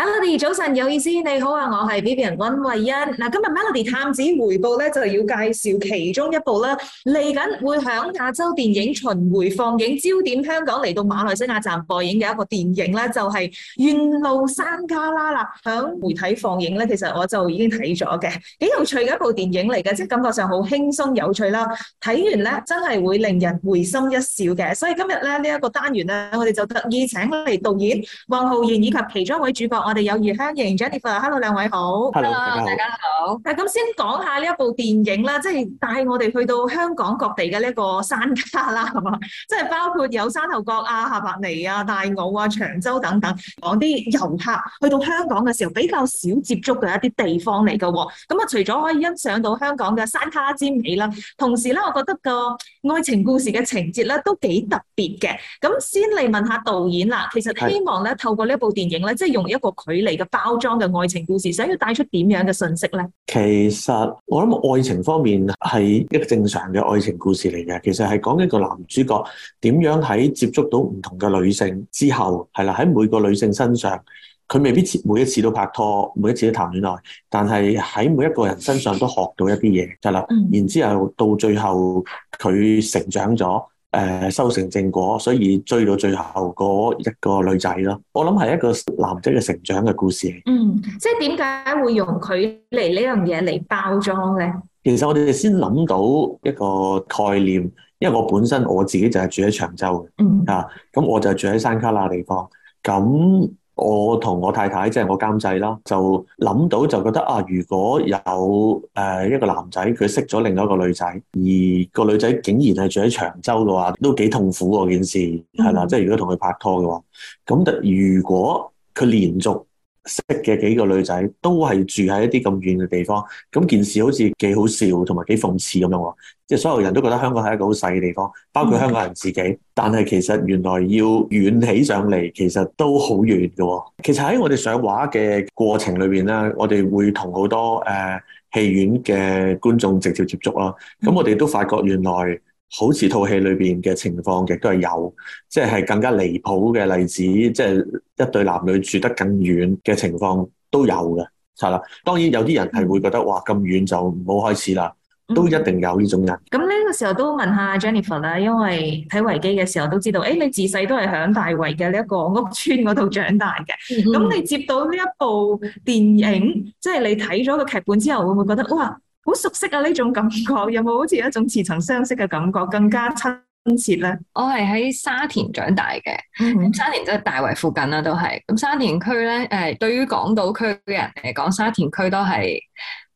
hello 早晨，有意思，你好啊，我係 BB 人溫慧欣。嗱，今日 Melody 探子回報咧，就要介紹其中一部啦。嚟緊會響亞洲電影巡迴放映，焦點香港嚟到馬來西亞站播映嘅一個電影咧，就係、是《緣路山旮旯》啦。響媒體放映咧，其實我就已經睇咗嘅，幾有趣嘅一部電影嚟嘅，即係感覺上好輕鬆有趣啦。睇完咧，真係會令人回心一笑嘅。所以今日咧呢一、這個單元咧，我哋就特意請嚟導演黃浩然以及其中一位主角。我哋友誼香迎 Jennifer，Hello 兩位好，Hello 大家好。誒咁先講下呢一部電影啦，即係帶我哋去到香港各地嘅呢個山旮旯，係嘛？即係包括有山頭角啊、下白泥啊、大澳啊、長洲等等，講啲遊客去到香港嘅時候比較少接觸嘅一啲地方嚟嘅。咁啊，除咗可以欣賞到香港嘅山旮旯之美啦，同時咧，我覺得個愛情故事嘅情節咧都幾特別嘅。咁先嚟問下導演啦，其實希望咧透過呢一部電影咧，即係用一個。距離嘅包裝嘅愛情故事，想要帶出點樣嘅信息呢？其實我諗愛情方面係一個正常嘅愛情故事嚟嘅。其實係講一個男主角點樣喺接觸到唔同嘅女性之後，係啦，喺每個女性身上，佢未必每一次都拍拖，每一次都談戀愛，但係喺每一個人身上都學到一啲嘢就啦。嗯、然之後到最後，佢成長咗。誒，修成正果，所以追到最後嗰一個女仔咯。我諗係一個男仔嘅成長嘅故事。嗯，即係點解會用佢嚟呢樣嘢嚟包裝呢？其實我哋先諗到一個概念，因為我本身我自己就係住喺長洲嘅。嗯。啊，咁我就住喺山旮旯地方。咁。我同我太太即係我監製啦，就諗到就覺得啊，如果有誒一個男仔佢識咗另一個女仔，而個女仔竟然係住喺長洲嘅話，都幾痛苦喎件事，係嘛？嗯、即係如果同佢拍拖嘅話，咁如果佢連續識嘅幾個女仔都係住喺一啲咁遠嘅地方，咁件事好似幾好笑同埋幾諷刺咁樣喎。即係所有人都覺得香港係一個好細嘅地方，包括香港人自己。 但係其實原來要遠起上嚟，其實都好遠㗎。其實喺我哋上畫嘅過程裏邊啦，我哋會同好多誒戲院嘅觀眾直接接觸咯。咁我哋都發覺原來，好似套戲裏邊嘅情況，亦都係有，即係更加離譜嘅例子，即係一對男女住得更遠嘅情況都有嘅，係啦。當然有啲人係會覺得，哇，咁遠就唔好開始啦，都一定有呢種人。咁呢、嗯、個時候都問下 Jennifer 啦，因為睇維基嘅時候都知道，誒、欸，你自細都係響大圍嘅呢一個屋邨嗰度長大嘅，咁、嗯、你接到呢一部電影，嗯、即係你睇咗個劇本之後，會唔會覺得，哇？好熟悉啊！呢種感覺，有冇好似有一種似曾相識嘅感覺，更加親切咧？我係喺沙田長大嘅，咁、mm hmm. 沙田即係大圍附近啦，都係咁沙田區咧。誒，對於港島區嘅人嚟講，沙田區都係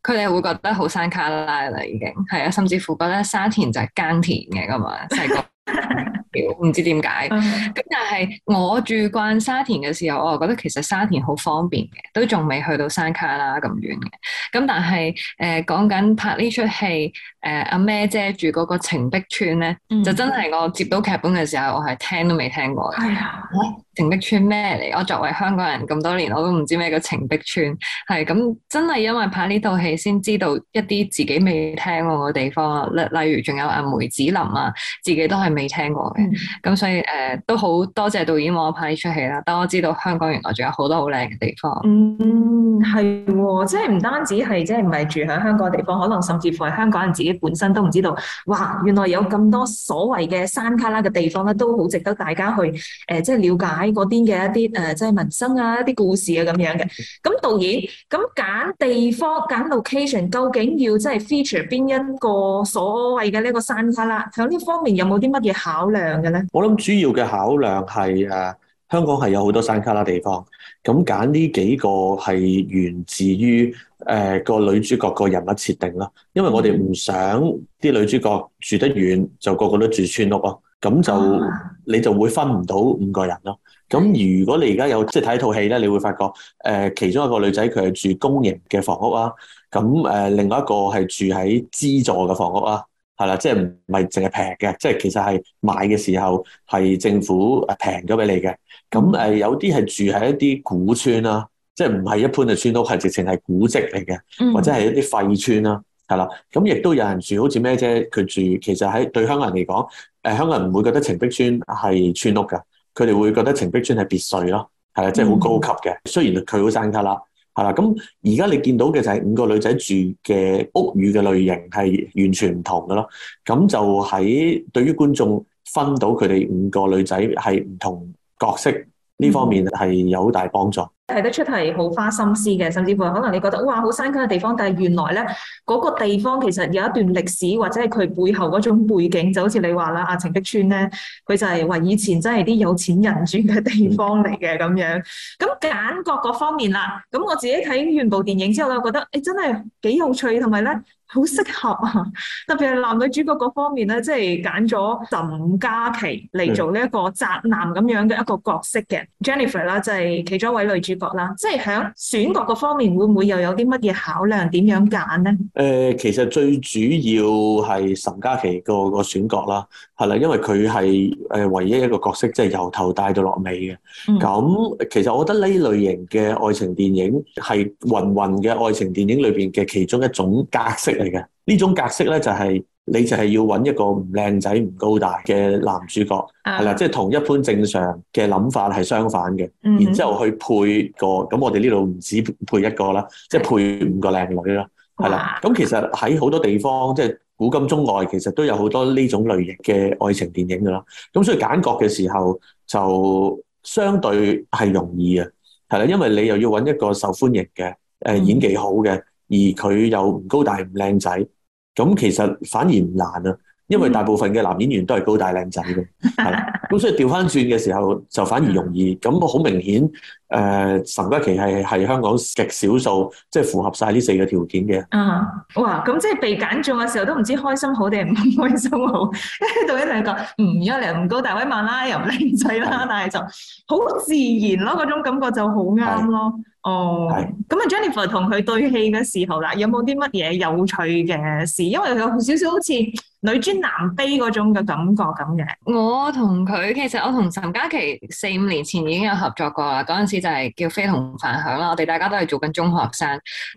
佢哋會覺得好山旮旯啦，已經係啊，甚至乎覺得沙田就係耕田嘅㗎嘛，細個 唔 知點解，咁 但係我住慣沙田嘅時候，我又覺得其實沙田好方便嘅，都仲未去到山旮旯咁遠嘅。咁但係誒，講、呃、緊拍呢出戲。誒阿咩姐住嗰個澄碧村咧，嗯、就真係我接到劇本嘅時候，我係聽都未聽過嘅。係啊、哎呀，澄碧村咩嚟？我作為香港人咁多年，我都唔知咩叫澄碧村。係咁真係因為拍呢套戲先知道一啲自己未聽過嘅地方啊！例例如仲有阿梅子林啊，自己都係未聽過嘅。咁、嗯、所以誒、呃、都好多謝導演幫我拍呢出戲啦，等我知道香港原來仲有好多好靚嘅地方。嗯，係喎、哦，即係唔單止係即係唔係住喺香港地方，可能甚至乎係香港人自己。本身都唔知道，哇！原來有咁多所謂嘅山卡拉嘅地方咧，都好值得大家去誒、呃，即係了解嗰啲嘅一啲誒、呃，即係民生啊，一啲故事啊咁樣嘅。咁導演，咁揀地方揀 location，究竟要即係 feature 邊一個所謂嘅呢個山卡拉？喺呢方面有冇啲乜嘢考量嘅咧？我諗主要嘅考量係誒、啊，香港係有好多山卡拉地方，咁揀呢幾個係源自於，誒、呃那個女主角個人物設定啦，因為我哋唔想啲女主角住得遠，就個個都住村屋咯，咁就、啊、你就會分唔到五個人咯。咁如果你而家有即係睇套戲咧，你會發覺誒、呃、其中一個女仔佢係住公營嘅房屋啊，咁誒另外一個係住喺資助嘅房屋啊，係啦，即係唔係淨係平嘅，即係其實係買嘅時候係政府平咗俾你嘅，咁誒有啲係住喺一啲古村啦。即係唔係一般嘅村屋，係直情係古蹟嚟嘅，或者係一啲廢村啦，係啦、mm。咁亦都有人住好，好似咩啫？佢住其實喺對香港人嚟講，誒，香港人唔會覺得澄碧村係村屋噶，佢哋會覺得澄碧村係別墅咯，係啊，即係好高級嘅。Mm hmm. 雖然佢好山旮旯，係啦。咁而家你見到嘅就係五個女仔住嘅屋宇嘅類型係完全唔同噶咯。咁就喺對於觀眾分到佢哋五個女仔係唔同角色。呢方面係有好大幫助，睇得出係好花心思嘅，甚至乎可能你覺得哇好山旮旯嘅地方，但係原來咧嗰、那個地方其實有一段歷史，或者係佢背後嗰種背景，就好似你話啦，阿、啊、程碧村咧，佢就係、是、話以前真係啲有錢人住嘅地方嚟嘅咁樣。咁感覺嗰方面啦，咁我自己睇完部電影之後，就覺得誒真係幾有趣，同埋咧。好適合啊！特別係男女主角嗰方面咧，即係揀咗岑嘉琪嚟做呢一個宅男咁樣嘅一個角色嘅 Jennifer 啦，就係其中一位女主角啦。即係響選角嗰方面，會唔會又有啲乜嘢考量？點樣揀呢？誒，其實最主要係岑嘉琪個個選角啦，係啦，因為佢係誒唯一一個角色，即係由頭帶到落尾嘅。咁、嗯、其實我覺得呢類型嘅愛情電影係芸芸嘅愛情電影裏邊嘅其中一種格式。係嘅，呢種格式咧，就係你就係要揾一個唔靚仔、唔高大嘅男主角，係啦、啊，即係、就是、同一般正常嘅諗法係相反嘅。嗯、哼然之後去配個咁，我哋呢度唔止配一個啦，即係、嗯、哼配五個靚女啦，係啦。咁哇、嗯、其實喺好多地方，即、就、係、是、古今中外，其實都有好多呢種類型嘅愛情電影噶啦。咁所以揀角嘅時候就相對係容易嘅，係啦，因為你又要揾一個受歡迎嘅，誒、嗯、哼演技好嘅。而佢又唔高大唔靚仔，咁其實反而唔難啊，因為大部分嘅男演員都係高大靚仔嘅，係啦，咁 所以調翻轉嘅時候就反而容易，咁我好明顯。誒、呃，岑嘉琪係係香港極少數，即係符合晒呢四個條件嘅。嗯，哇！咁即係被揀中嘅時候都唔知開心好定係唔開心好，導演就講唔一樣，唔、嗯、高大威猛啦，又唔靚仔啦，但係就好自然咯，嗰種感覺就好啱咯。是哦，咁啊是、嗯，Jennifer 同佢對戲嘅時候啦，有冇啲乜嘢有趣嘅事？因為有少少好似女尊男卑嗰種嘅感覺咁嘅。我同佢其實我同岑嘉琪四五年前已經有合作過啦，嗰陣就係叫非同凡響啦！我哋大家都係做緊中學生，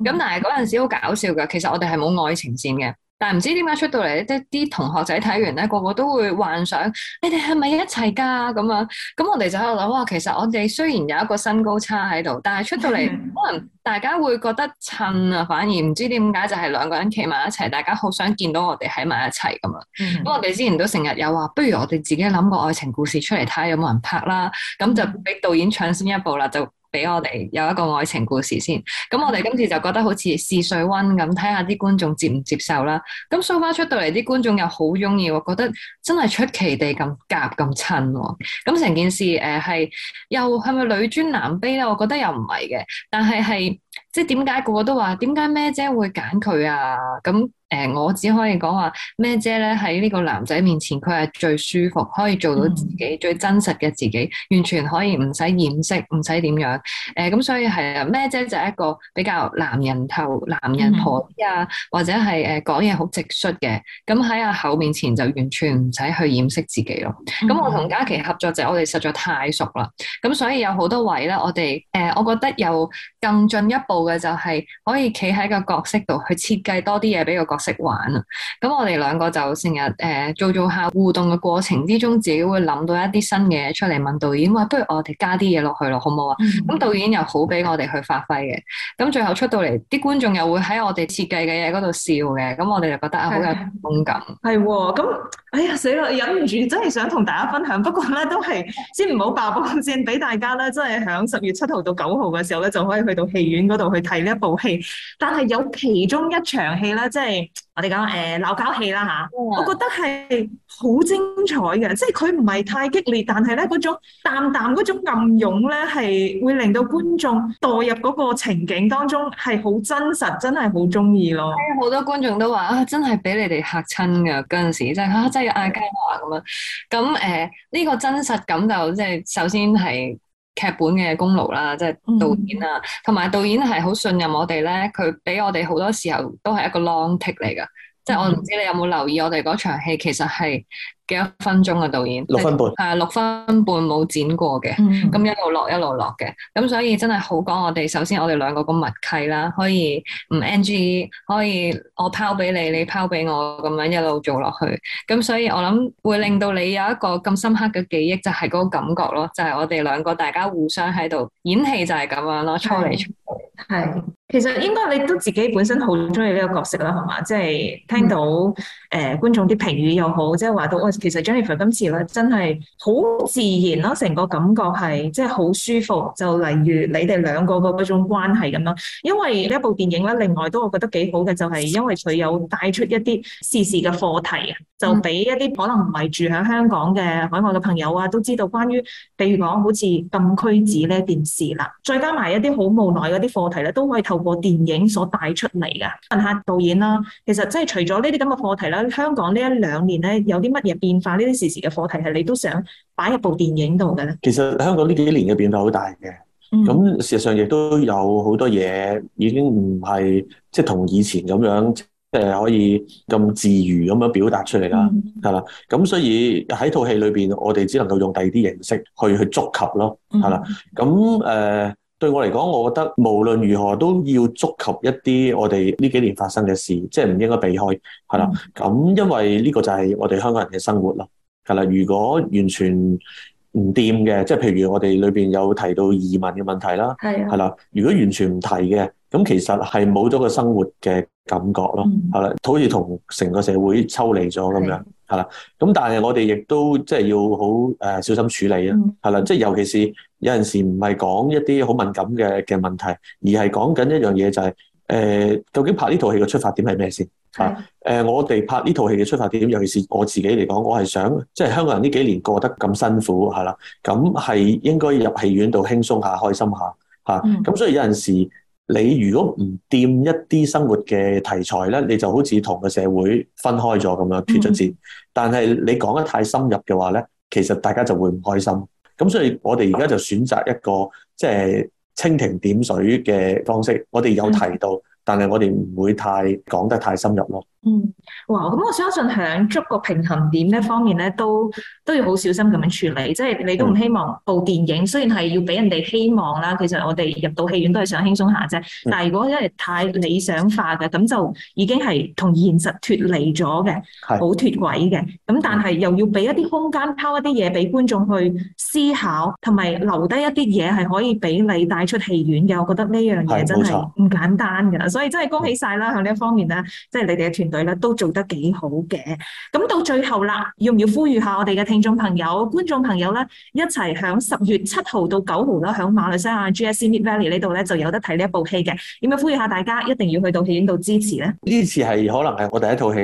咁但係嗰陣時好搞笑噶，其實我哋係冇愛情線嘅。但唔知點解出到嚟咧，啲啲同學仔睇完咧，個個都會幻想，你哋係咪一齊噶咁樣？咁我哋就喺度諗，哇！其實我哋雖然有一個身高差喺度，但係出到嚟可能大家會覺得襯啊，反而唔知點解就係兩個人企埋一齊，大家好想見到我哋喺埋一齊咁樣。咁、嗯、我哋之前都成日有話，不如我哋自己諗個愛情故事出嚟，睇下有冇人拍啦。咁就俾導演搶先一步啦，就。俾我哋有一個愛情故事先，咁我哋今次就覺得好似試水溫咁，睇下啲觀眾接唔接受啦。咁 show 返出到嚟，啲觀眾又好中意，我覺得真係出奇地咁夾咁襯喎。咁成件事誒係又係咪女尊男卑咧？我覺得又唔係嘅，但係係。即係點解個個都話，點解咩姐會揀佢啊？咁，誒、呃，我只可以講，話咩姐咧，喺呢個男仔面前，佢係最舒服，可以做到自己、嗯、最真實嘅自己，完全可以唔使掩飾，唔使點樣誒。咁、呃、所以係啊，咩姐就係一個比較男人頭、男人婆啲啊，嗯、，或者係誒講嘢好直率嘅。咁喺阿厚面前就完全唔使去掩飾自己咯。咁、嗯、我同嘉琪合作就係，我哋實在太熟啦。咁所以有好多位咧，我哋誒、呃，我覺得又更進一步。部嘅就係可以企喺個角色度去設計多啲嘢，俾個角色玩啊。咁我哋兩個就成日誒，做做下互動嘅過程之中，自己會諗到一啲新嘅嘢出嚟，問導演喂，不如我哋加啲嘢落去咯，好唔好啊？咁、嗯、導演又好俾我哋去發揮嘅，咁、嗯、最後出到嚟啲觀眾又會喺我哋設計嘅嘢嗰度笑嘅，咁我哋就覺得好有共感。」係喎！咁哎呀死啦，忍唔住真係想同大家分享，不過咧都係先唔好曝光先，俾大家咧，真係喺十月七號到九號嘅時候咧就可以去到戲院度去睇呢一部戲，但係有其中一場戲咧，即、就、係、是、我哋講誒鬧交戲啦吓，呃、Yeah. 我覺得係好精彩嘅，即係佢唔係太激烈，但係咧嗰種淡淡嗰種暗湧咧，係會令到觀眾墮入嗰個情景當中，係好真實，真係好中意咯。好多觀眾都話啊，真係俾你哋吓親嘅嗰陣時真、啊，真係真係嗌雞話咁樣。咁誒 Yeah.，呢、呃這個真實感就即係、就是、首先係。劇本嘅功勞啦，即、就、係、是、導演啦，同埋、嗯、導演係好信任我哋咧。佢俾我哋好多時候都係一個 long take 嚟噶，即係、嗯、我唔知你有冇留意我哋嗰場戲，其實係。幾多分鐘啊？導演，六分半係啊、嗯，六分半冇剪過嘅，咁、嗯、一路落一路落嘅，咁所以真係好講。我哋首先我哋兩個咁默契啦，可以唔 NG，可以我拋俾你，你拋俾我，咁樣一路做落去。咁所以我諗會令到你有一個咁深刻嘅記憶，就係、是、嗰個感覺咯，就係、是、我哋兩個大家互相喺度演戲就係咁樣咯。初嚟初嚟，係，其實應該你都自己本身好中意呢個角色啦，係嘛？即、就、係、是、聽到誒、嗯呃、觀眾啲評語又好，即係話到其實 Jennifer 今次咧真係好自然咯、啊，成個感覺係即係好舒服。就例如你哋兩個個嗰種關係咁樣，因為呢一部電影咧，另外都我覺得幾好嘅，就係、是、因為佢有帶出一啲時事嘅課題啊，就俾一啲可能唔係住喺香港嘅海外嘅朋友啊，都知道關於，譬如講好似禁區紙呢一件事啦，再加埋一啲好無奈嗰啲課題咧，都可以透過電影所帶出嚟噶。問下導演啦，其實即係除咗呢啲咁嘅課題啦，香港呢一兩年咧有啲乜嘢變化呢啲時事嘅課題係你都想擺入部電影度嘅咧？其實香港呢幾年嘅變化好大嘅，咁、嗯、事實上亦都有好多嘢已經唔係即係同以前咁樣，即、呃、係可以咁自如咁樣表達出嚟啦，係啦、嗯。咁所以喺套戲裏邊，我哋只能夠用第二啲形式去去觸及咯，係啦。咁誒。呃對我嚟講，我覺得無論如何都要觸及一啲我哋呢幾年發生嘅事，即係唔應該避開，係啦。咁、嗯、因為呢個就係我哋香港人嘅生活啦，係啦。如果完全唔掂嘅，即係譬如我哋裏邊有提到移民嘅問題啦，係啦的。如果完全唔提嘅，咁其實係冇咗個生活嘅感覺咯，係啦。好似同成個社會抽離咗咁樣。係啦，咁但係我哋亦都即係要好誒、呃、小心處理啊，係啦，即、就、係、是、尤其是有陣時唔係講一啲好敏感嘅嘅問題，而係講緊一樣嘢就係、是、誒、呃，究竟拍呢套戲嘅出發點係咩先吓？誒的、呃，我哋拍呢套戲嘅出發點，尤其是我自己嚟講，我係想即係、就是、香港人呢幾年過得咁辛苦，係啦，咁係應該入戲院度輕鬆下、開心下吓，咁的、嗯、所以有陣時。你如果唔掂一啲生活嘅題材咧，你就好似同個社會分開咗咁樣脱咗節。但係你講得太深入嘅話咧，其實大家就會唔開心。咁所以我哋而家就選擇一個即係、就是、蜻蜓點水嘅方式。我哋有提到，但係我哋唔會太講得太深入咯。嗯，哇，咁我相信響捉個平衡點呢方面咧，都都要好小心咁樣處理。即係你都唔希望部電影、嗯、雖然係要俾人哋希望啦，其實我哋入到戲院都係想輕鬆下啫。但係如果因為太理想化嘅，咁就已經係同現實脫離咗嘅，好脫軌嘅。咁是但係又要俾一啲空間，拋一啲嘢俾觀眾去思考，同埋留低一啲嘢係可以俾你帶出戲院嘅。我覺得呢樣嘢真係唔簡單嘅，所以真係恭喜晒啦喺呢一方面咧，即係你哋嘅團都做得幾好嘅，咁到最後啦，要唔要呼籲下我哋嘅聽眾朋友、觀眾朋友咧，一齊響十月七號到九號啦，響馬來西亞 GSC Mid Valley 呢度咧就有得睇呢一部戲嘅，點樣呼籲下大家一定要去到戲院度支持咧？呢次係可能係我第一套戲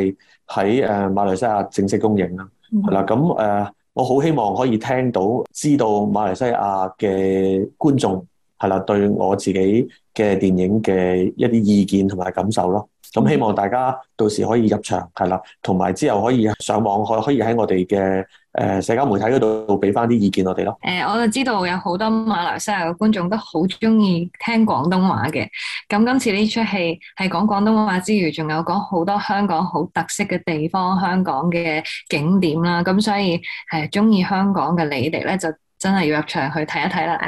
喺誒馬來西亞正式公映啦，係啦、嗯，咁誒，uh, 我好希望可以聽到知道馬來西亞嘅觀眾係啦對我自己嘅電影嘅一啲意見同埋感受咯。咁希望大家到時可以入場，係啦，同埋之後可以上網可可以喺我哋嘅誒社交媒體嗰度俾翻啲意見我哋咯。誒、嗯，我就知道有好多馬來西亞嘅觀眾都好中意聽廣東話嘅。咁今次呢出戲係講廣東話之餘，仲有講好多香港好特色嘅地方、香港嘅景點啦。咁所以誒，中意香港嘅你哋咧，就真係要入場去睇一睇啦。誒，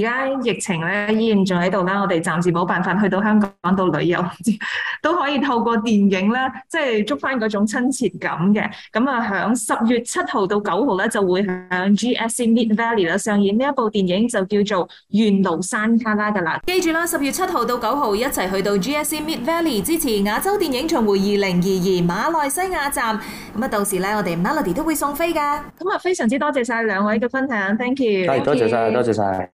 而家疫情咧依然仲喺度啦，我哋暫時冇辦法去到香港度旅遊。 都可以透過電影咧，即係捉翻嗰種親切感嘅。咁啊，響十月七號到九號咧，就會響 GSC Mid Valley 啦上演呢一部電影，就叫做《緣路山旮旯》噶啦。記住啦，十月七號到九號一齊去到 GSC Mid Valley 支持亞洲電影巡回二零二二馬來西亞站。咁啊，到時咧，我哋 Melody 都會送飛㗎。咁啊，非常之多謝晒兩位嘅分享，Thank you，多謝晒。多謝曬。